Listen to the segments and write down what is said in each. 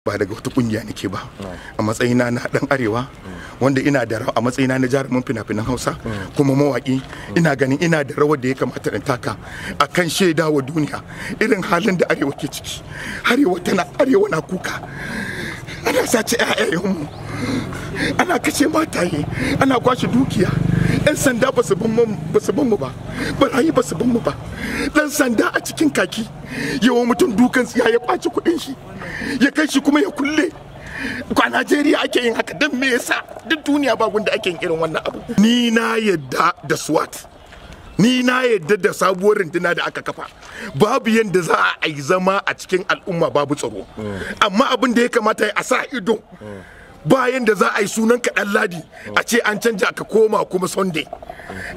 ba daga wata kungiya nake ba a matsayina na dan arewa wanda ina da a matsayina na jarumin fina-finan hausa kuma mawaki ina ganin ina da rawar da ya kamata in taka a kan shaida wa duniya irin halin da arewa ke ciki arewa tana arewa na kuka ana sace mu, ana kashe mataye ana kwashe dukiya 'yan sanda ba su ban mu ba barayi ba su ban mu ba dan sanda a cikin kaki yawan mutum dukan ya ya kwace kuɗin shi ya kai shi kuma ya kulle a Najeriya ake yin haka don me yasa duk duniya ba gunda ake yin irin wannan abu ni na yadda da SWAT ni na yadda da sabuwar runduna da aka kafa babu yadda za a yi zama a cikin al'umma babu tsaro amma abin da ya kamata a sa ido bayan da za a yi sunan kaɗan ladi a ce an canja ka koma kuma sunday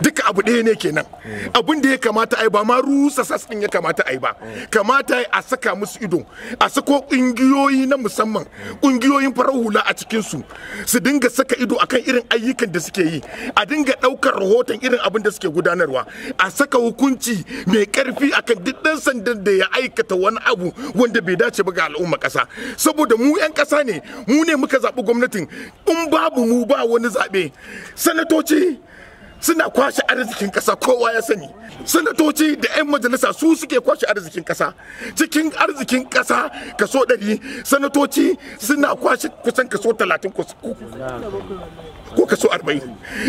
duka abu ɗaya ne kenan abun da ya kamata yi ba ma rusa sassan ya kamata yi ba kamata a saka musu ido a sako ƙungiyoyi na musamman ƙungiyoyin farar hula a cikinsu. su su dinga saka ido akan irin ayyukan da suke yi a dinga ɗaukar rahoton irin abin da suke gudanarwa a saka hukunci mai ƙarfi akan duk ɗan sandan da ya aikata wani abu wanda bai dace ba ga al'umma ƙasa saboda mu 'yan ƙasa ne mu ne muka zaɓi gwamnatin in babu mu ba wani zaɓe sanatoci suna kwashe arzikin kasa kowa ya sani sanatoci da 'yan majalisa su suke kwashe arzikin kasa cikin arzikin kasa kaso 100 sanatoci suna kwashe kusan kaso 30 ko kaso 40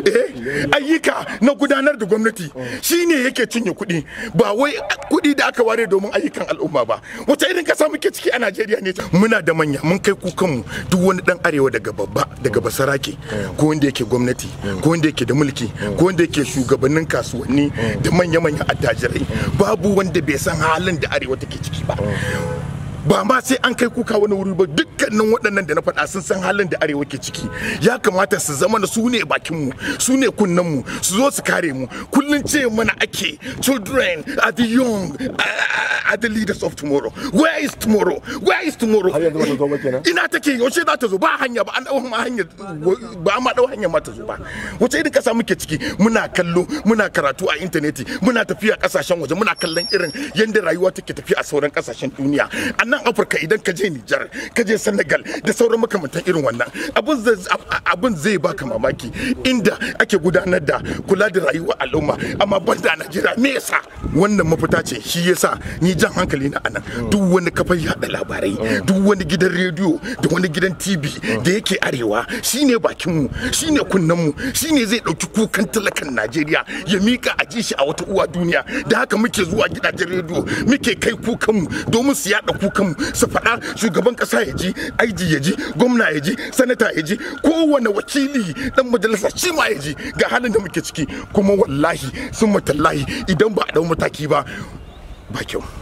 eh ayyuka na gudanar da gwamnati shine yake cinye kuɗi ba wai kuɗi da aka ware domin ayyukan al'umma ba wata irin kasa muke ciki a Najeriya ne muna da manya mun kai mu duk wani dan arewa daga babba daga basarake ko wanda yake gwamnati ko wanda yake da mulki wanda yake shugabannin kasuwanni da manya-manyan attajirai babu wanda bai san halin da arewa take ciki ba ba ma sai an kai kuka wani wuri ba dukkanin waɗannan da na faɗa sun san halin da arewa ke ciki ya kamata su zama na su ne bakin mu su ne kunnen su zo su kare mu kullum ce mana ake children are the young are the leaders of tomorrow where is tomorrow where is tomorrow ina take yaushe za ta zo ba hanya ba an dau ma hanya ba ma dau hanya ma ta zo ba wace irin kasa muke ciki muna kallo muna karatu a internet muna tafiya kasashen waje muna kallon irin yanda rayuwa take tafiya a sauran kasashen duniya a nan Afirka idan ka je Nijar ka je Senegal da sauran makamantan irin wannan abin zai baka mamaki inda ake gudanar da kula da rayuwar al'umma amma banda a Najeriya me yasa wannan mafita ce shi yasa Nijar jan hankali na anan duk wani kafar yada labarai duk wani gidan rediyo da wani gidan tv da yake arewa shine bakinmu shine kunnenmu shine zai dauki kukan talakan najeriya ya mika a ji shi a wata uwa duniya da haka muke zuwa gidajen rediyo muke kai kukanmu domin su yada kukanmu su faɗa shugaban ƙasa ya ji aiji ya ji gwamna ya ji sanata ya ji kowane wakili dan majalisa shi ma ya ji ga halin da muke ciki kuma wallahi sun matallahi idan ba a dau mataki ba ba kyau